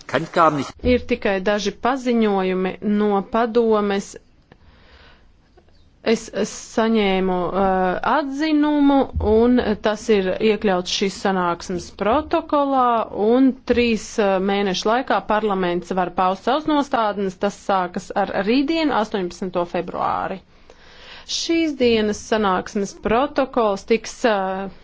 Ir tikai daži paziņojumi no padomes. Es saņēmu uh, atzinumu, un tas ir iekļauts šīs sanāksmes protokolā, un trīs uh, mēnešu laikā parlaments var paust savus nostādnes. Tas sākas ar rītdienu, 18. februāri. Šīs dienas sanāksmes protokols tiks. Uh,